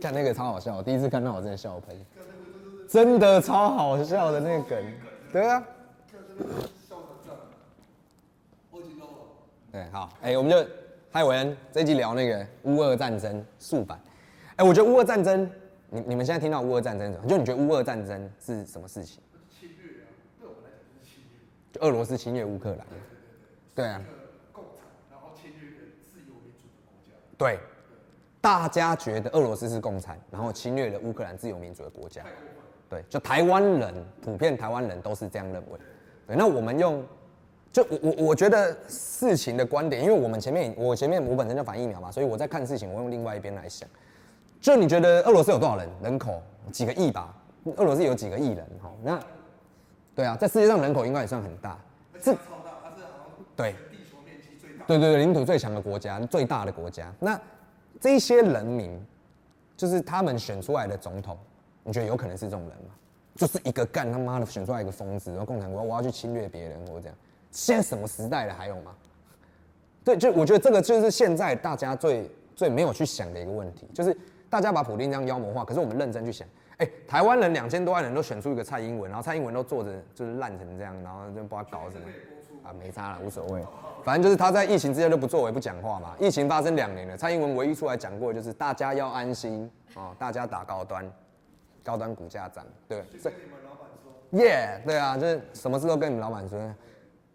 看那個超好笑，第一次看到我真笑噴，真的超好笑的那個梗，對啊。對，好，哎、欸，我們就，嗨，韋恩，這一集聊那個烏俄戰爭素版。哎、欸，我覺得烏俄戰爭，你你們現在聽到烏俄戰爭怎麼？就你覺得烏俄戰爭是什麼事情？是侵略啊，對，我們來講是侵略。就俄羅斯侵略烏克蘭。對對對對。對、啊。是一個共產，然後侵略自由民主的國家。對。大家覺得俄羅斯是共產，然後侵略了烏克蘭自由民主的國家，對，就台灣人普遍，台灣人都是這樣認為對。那我們用，就我我我覺得事情的觀點，因為我們前面我前面我本身就反疫苗嘛，所以我在看事情，我用另外一邊來想。就你覺得俄羅斯有多少人？人口幾個億吧？俄羅斯有幾個億人？好，那對啊，在世界上人口應該也算很大。是超大，它是對，地球面積最大，對，對對對，領土最強的國家，最大的國家。那這些人民，就是他們選出來的總統，你覺得有可能是這種人嗎？就是一個幹他媽的選出來一個瘋子，然後共產國我要去侵略別人我這樣，現在什麼時代了？還有嗎？對，就我覺得這個就是現在大家最最沒有去想的一個問題，就是大家把普丁這樣妖魔化，可是我們認真去想，哎、欸，台灣人兩千多萬人都選出一個蔡英文，然後蔡英文都坐著就是爛成這樣，然後就把它搞什麼？啊，沒差了，無所謂，反正就是他在疫情之間都不作為、不講話嘛。疫情發生兩年了，蔡英文唯一出來講過的就是大家要安心哦，大家打高端，高端股價漲，對，所以。耶，yeah，對啊，就是什麼事都跟你們老闆說，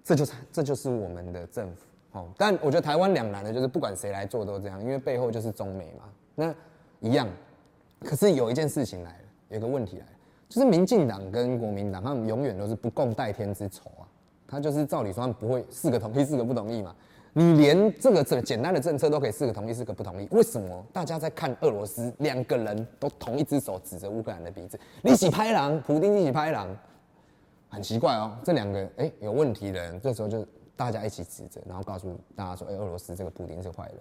這就是這就是我們的政府哦。但我覺得台灣兩難的就是不管誰來做都這樣，因為背後就是中美嘛，那一樣。可是有一件事情來了，有一個問題來了，就是民進黨跟國民黨他們永遠都是不共戴天之仇啊。他就是照理說他不會四個同意四個不同意嘛？你連這個這簡單的政策都可以四個同意四個不同意，為什麼？大家在看俄羅斯兩個人都同一只手指着烏克蘭的鼻子，一起拍狼，普丁一起拍狼，很奇怪哦。這兩個誒、欸、有問題的人，這時候就大家一起指責，然後告訴大家說，誒、欸、俄羅斯這個普丁是壞人。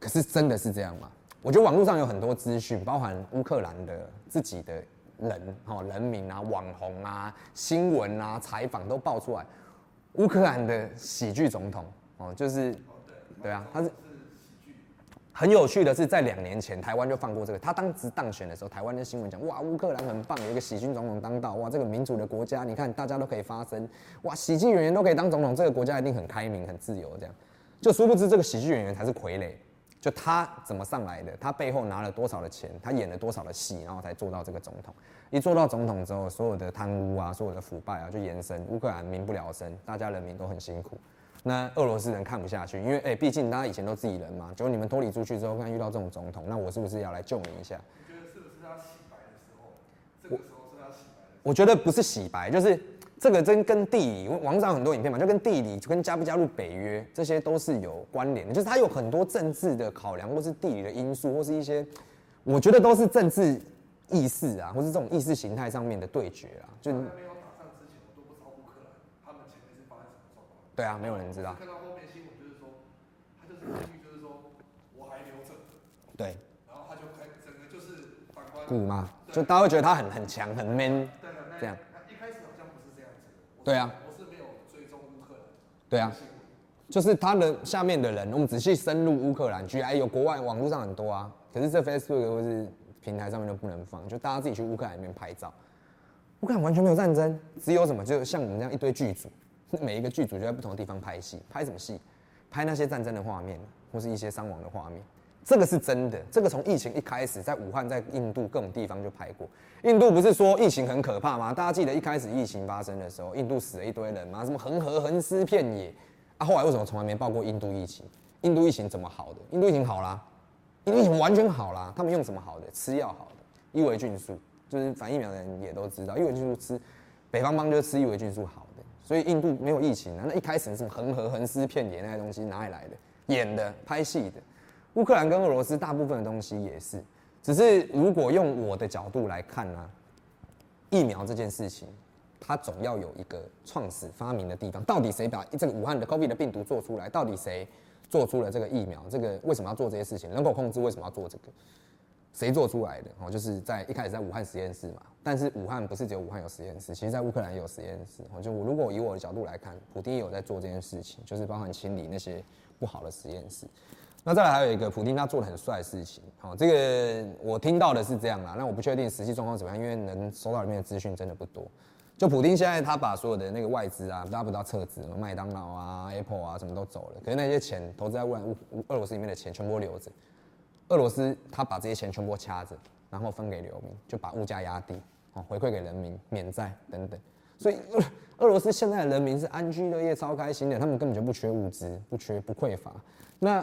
可是真的是這樣嗎？我覺得網絡上有很多資訊，包含烏克蘭的自己的。人哦，人民啊，網紅啊，新聞啊，採訪都爆出來。烏克蘭的喜劇總統哦，就是，對啊，他是。很有趣的是，在兩年前，台灣就放過這個。他當時當選的時候，台灣的新聞講：哇，烏克蘭很棒，有一個喜劇總統當道，哇，這個民主的國家，你看大家都可以發聲，哇，喜劇演員都可以當總統，這個國家一定很開明、很自由。這樣，就殊不知這個喜劇演員才是傀儡。就他怎麼上來的？他背後拿了多少的錢？他演了多少的戲，然後才做到這個總統？一做到總統之後，所有的貪污啊，所有的腐敗啊，就延伸。烏克蘭民不聊生，大家人民都很辛苦。那俄羅斯人看不下去，因為誒，畢竟大家以前都自己人嘛。結果你們脫離出去之後，看遇到這種總統，那我是不是要來救你一下？我覺得是不是他洗白的時候？這個時候是他洗白的時候？我，我覺得不是洗白，就是。這個真跟地理，網上很多影片嘛，就跟地理跟加不加入北約，這些都是有關聯的，就是它有很多政治的考量，或是地理的因素，或是一些，我覺得都是政治意識啊，或是這種意識形態上面的對決啊。就沒有打仗之前都不，不他們前面是放在什麼狀況？對啊，沒有人知道。看到後面新聞就是說，他就是，就是說我還留着，對，然後他就整個就是反觀鼓嘛，就大家會覺得他很很強，很 man，對、啊對啊、那這樣。對啊，不是沒有追蹤烏克蘭。對啊，就是他的下面的人，我們仔細深入烏克蘭，居然有國外網絡上很多啊，可是這 Facebook 或是平台上面都不能放，就大家自己去烏克蘭裡面拍照。烏克蘭完全沒有戰爭，只有什麼，就像我們這樣一堆劇組，每一個劇組就在不同的地方拍戲，拍什麼戲？拍那些戰爭的畫面，或是一些傷亡的畫面。這個是真的。這個從疫情一開始，在武漢、在印度各種地方就拍過。印度不是說疫情很可怕嗎？大家記得一開始疫情發生的時候，印度死了一堆人嗎？什麼恆河恆屍遍野？啊，後來為什麼從來沒報過印度疫情？印度疫情怎麼好的？印度疫情好啦，印度疫情完全好啦。他們用什麼好的？吃藥好的，伊維菌素，就是反疫苗的人也都知道，伊維菌素吃，北方邦就吃伊維菌素好的，所以印度沒有疫情。那一開始什麼恆河恆屍遍野那些東西哪裡來的？演的，拍戲的。烏克蘭跟俄羅斯大部分的東西也是，只是如果用我的角度來看呢，啊，疫苗這件事情，它總要有一個創始發明的地方。到底誰把這個武漢的 COVID 的病毒做出來？到底誰做出了這個疫苗？這個為什麼要做這些事情？人口控制為什麼要做這個？誰做出來的？哦，就是在一開始在武漢實驗室嘛。但是武漢不是只有武漢有實驗室，其實在烏克蘭也有實驗室。就我如果以我的角度來看，普丁也有在做這件事情，就是包含清理那些不好的實驗室。那再來還有一個普丁，他做的很帥的事情。好，這個我聽到的是這樣啦，那我不確定實際狀況怎麼樣，因為能收到裡面的資訊真的不多。就普丁現在他把所有的那個外資啊，拉不到撤資，麥當勞啊、Apple 啊什麼都走了，可是那些錢投資在俄俄羅斯裡面的錢全部都留着，俄羅斯他把這些錢全部都掐着，然後分給流民，就把物價壓低，好，回饋給人民，免債等等。所以，呃，俄羅斯現在的人民是安居樂業，超開心的，他們根本就不缺物資，不缺不匱乏。那。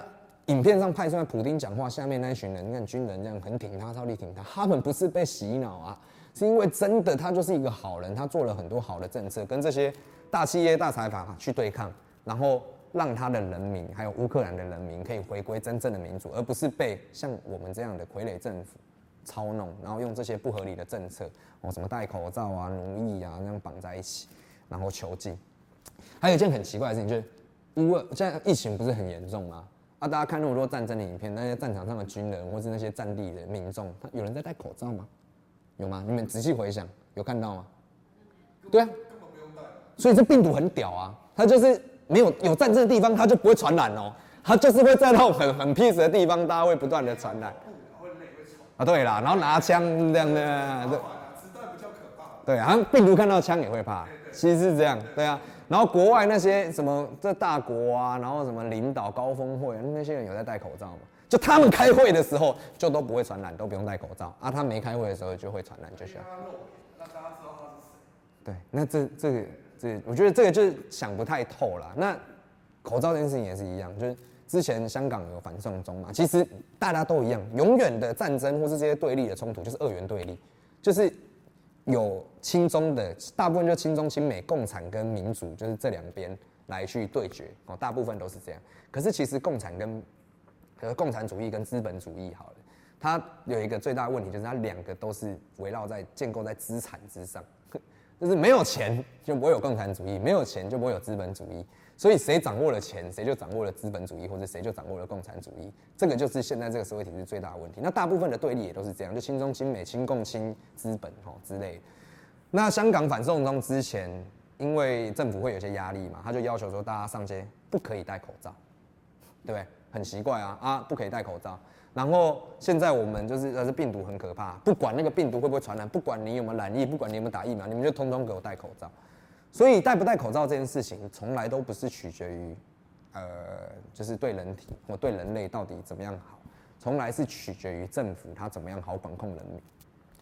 影片上派出來，普丁講話下面那一群人，你看軍人這樣很挺他，超力挺他，他們不是被洗腦啊，是因為真的他就是一個好人，他做了很多好的政策，跟這些大企業、大財閥去對抗，然後讓他的人民還有烏克蘭的人民可以回歸真正的民主，而不是被像我們這樣的傀儡政府操弄，然後用這些不合理的政策，哦、喔，什麼戴口罩啊、奴役啊，這樣綁在一起，然後囚禁。還有一件很奇怪的事情，就是烏俄現在疫情不是很嚴重嗎？那、啊、大家看那麼多戰爭的影片，那些戰場上的軍人或是那些戰地的民眾，他有人在戴口罩嗎？有嗎？你們仔細回想，有看到嗎？對啊，根本不用戴。所以這病毒很屌啊，它就是沒有有戰爭的地方，它就不會傳染哦、喔，它就是會在那種很很 peace 的地方，它會不斷的傳染、嗯。啊，對啦，然後拿槍、嗯、這樣的、子彈、嗯、比較可怕。對啊，病毒看到槍也會怕。其實是這樣，對啊，然後國外那些什麼這大國啊，然後什麼領導高峰會那些人有在戴口罩嗎？就他們開會的時候就都不會傳染，都不用戴口罩啊。他沒開會的時候就會傳染，就像。對，那這這個這，我覺得這個就是想不太透了。那口罩這件事情也是一樣，就是之前香港有反送中嘛，其實大家都一樣，永遠的戰爭或是這些對立的衝突，就是二元對立，就是。有親中的大部分就是親中親美，共產跟民主就是這兩邊來去對決哦，大部分都是這樣。可是其實共產跟可是共產主義跟資本主義好了，它有一個最大的問題就是它兩個都是圍繞在建構在資產之上，就是沒有錢就不會有共產主義，沒有錢就不會有資本主義。所以誰掌握了錢，誰就掌握了資本主義，或者誰就掌握了共產主義。這個就是現在這個社會體制最大的問題。那大部分的對立也都是這樣，就親中親美親共親資本齁，之類。那香港反送中之前，因為政府會有些壓力嘛，他就要求說大家上街不可以戴口罩，對不對？很奇怪啊啊，不可以戴口罩。然後現在我們就是，但是病毒很可怕，不管那個病毒會不會傳染，不管你有沒有染疫，不管你有沒有打疫苗，你們就通通給我戴口罩。所以戴不戴口罩這件事情，從來都不是取決於，呃，就是對人體或對人類到底怎麼樣好，從來是取決於政府它怎麼樣好管控人民。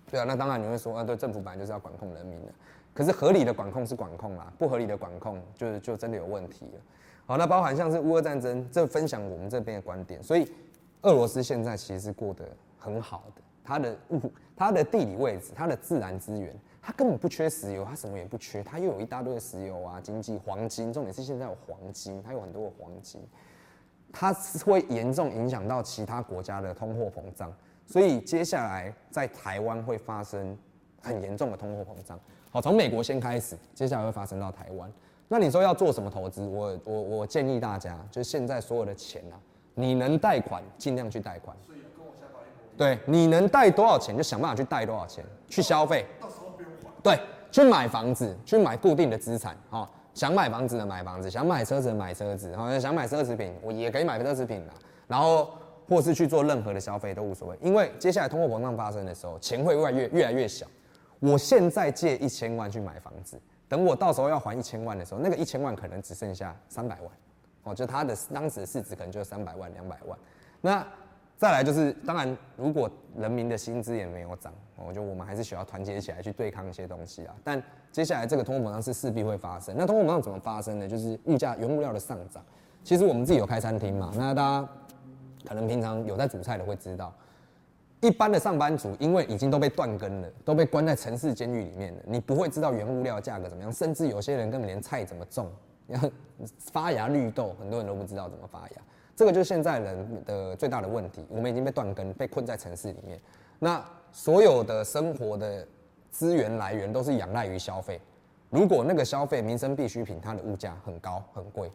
對啊，那當然你會說，啊、呃，對，政府本來就是要管控人民的。可是合理的管控是管控啦，不合理的管控就是就真的有問題了。好，那包含像是烏俄戰爭，這分享我們這邊的觀點。所以俄羅斯現在其實是過得很好的，它的物、它的地理位置，它的自然資源。它根本不缺石油，它什麼也不缺，它又有一大堆的石油啊，經濟黃金，重點是現在有黃金，它有很多的黃金，它是會嚴重影響到其他國家的通貨膨脹，所以接下來在台灣會發生很嚴重的通貨膨脹。好，從美國先開始，接下來會發生到台灣。那你說要做什麼投資？我我我建議大家，就是現在所有的錢啊，你能貸款儘量去貸款。所以跟我相反。對，你能貸多少錢，就想辦法去貸多少錢去消費。對，去買房子，去買固定的資產，哈、喔，想買房子的買房子，想買車子的買車子，哈、喔，想買奢侈品，我也可以買奢侈品，然後或是去做任何的消費都無所謂，因為接下來通貨膨脹發生的時候，錢會越來越越來越小。我現在借一千萬去買房子，等我到時候要還一千萬的時候，那個一千萬可能只剩下三百萬，哦、喔，就它的當時的市值可能就三百萬、兩百萬，那。再來就是，當然，如果人民的薪資也沒有漲，我覺得我們還是需要團結起來去對抗一些東西啊。但接下來這個通貨膨脹是勢必會發生。那通貨膨脹怎麼發生呢？就是物價、原物料的上漲。其實我們自己有開餐廳嘛，那大家可能平常有在煮菜的會知道，一般的上班族因為已經都被斷根了，都被關在城市監獄裡面了，你不會知道原物料價格怎麼樣，甚至有些人根本連菜怎麼種，然後發芽綠豆，很多人都不知道怎麼發芽。這個就是現在人的最大的問題，我們已經被斷根，被困在城市裡面。那所有的生活的資源來源都是仰賴於消費。如果那個消費民生必需品，它的物價很高很貴，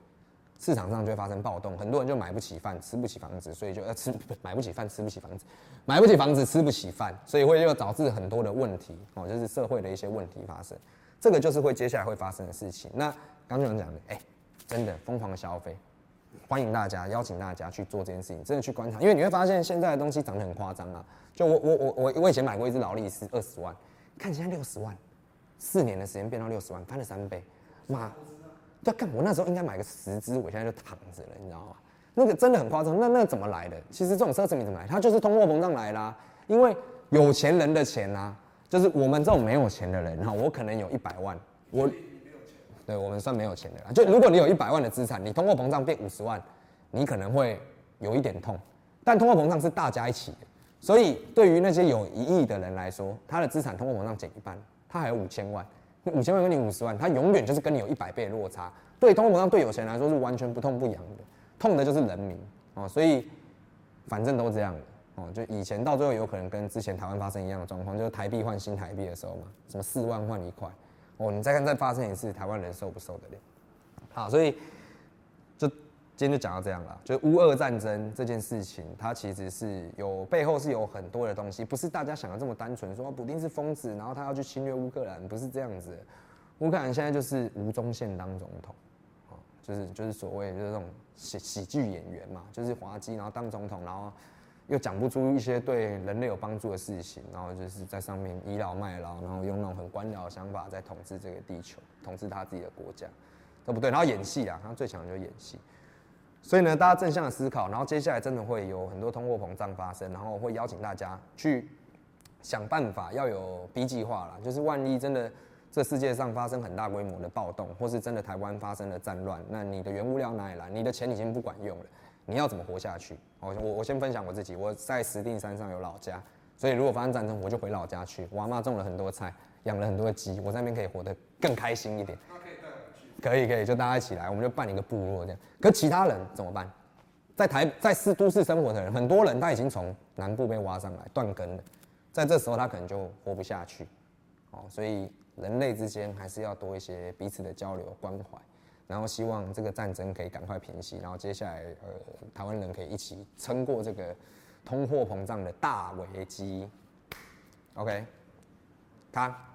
市場上就會發生暴動，很多人就買不起飯，吃不起房子，所以就要吃買不起飯，吃不起房子，買不起房子吃不起飯，所以會就導致很多的問題哦，就是社會的一些問題發生。這個就是會接下來會發生的事情。那剛剛講的，哎、欸，真的瘋狂消費。歡迎大家，邀請大家去做這件事情，真的去觀察，因為你會發現現在的東西漲得很誇張啊。就我我我我以前買過一只勞力士二十萬，看現在六十萬，四年的時間變到六十萬，翻了三倍，媽！要幹、啊、我那時候應該買個十只，我現在就躺着了，你知道嗎？那個真的很誇張，那那怎麼來的？其實這種奢侈品怎麼來的，它就是通貨膨脹來啦、啊，因為有錢人的錢啦、啊，就是我們這種沒有錢的人、啊，我可能有一百萬，我。對，我們算沒有錢的啦，就如果你有一百萬的資產，你通貨膨脹變五十萬，你可能會有一點痛。但通貨膨脹是大家一起的，所以對於那些有一億的人來說，他的資產通貨膨脹減一半，他還有五千萬，五千萬跟你五十萬，他永遠就是跟你有一百倍的落差。對通貨膨脹，對有錢來說是完全不痛不癢的，痛的就是人民。所以反正都是這樣哦，就以前到最後有可能跟之前台灣發生一樣的狀況，就是台幣換新台幣的時候嘛，什麼四萬換一塊。哦，你再看，再發生一次，台灣人受不受得了？好，所以就今天就講到這樣了。就是烏俄戰爭這件事情，它其實是有背後是有很多的東西，不是大家想的這麼單純。說普丁是瘋子，然後他要去侵略烏克蘭，不是這樣子的。烏克蘭現在就是吳宗憲當總統，就是就是所謂就是這種喜喜劇演員嘛，就是滑稽，然後當總統，然後。又講不出一些對人類有幫助的事情，然後就是在上面倚老賣老，然後用那種很官僚的想法在統治這個地球，統治他自己的國家，對不對？然後演戲啊，他最強的就是演戲。所以呢，大家正向的思考，然後接下來真的會有很多通貨膨脹發生，然後會邀請大家去想辦法，要有 B 計劃啦。就是萬一真的這世界上發生很大規模的暴動，或是真的台灣發生了戰亂，那你的原物料哪裡來？你的錢已經不管用了。你要怎麼活下去？哦，我我先分享我自己，我在石定山上有老家，所以如果發生戰爭，我就回老家去。我阿嬤種了很多菜，養了很多雞，我在那邊可以活得更開心一點。可以可以，可以，就大家一起來，我們就辦一個部落這樣。可其他人怎麼辦？在台在市都市生活的人，很多人他已經從南部被挖上來斷根了，在這時候他可能就活不下去。哦，所以人類之間還是要多一些彼此的交流關懷。然後希望這個戰爭可以趕快平息，然後接下來呃，台灣人可以一起撐過這個通貨膨脹的大危機。OK，卡。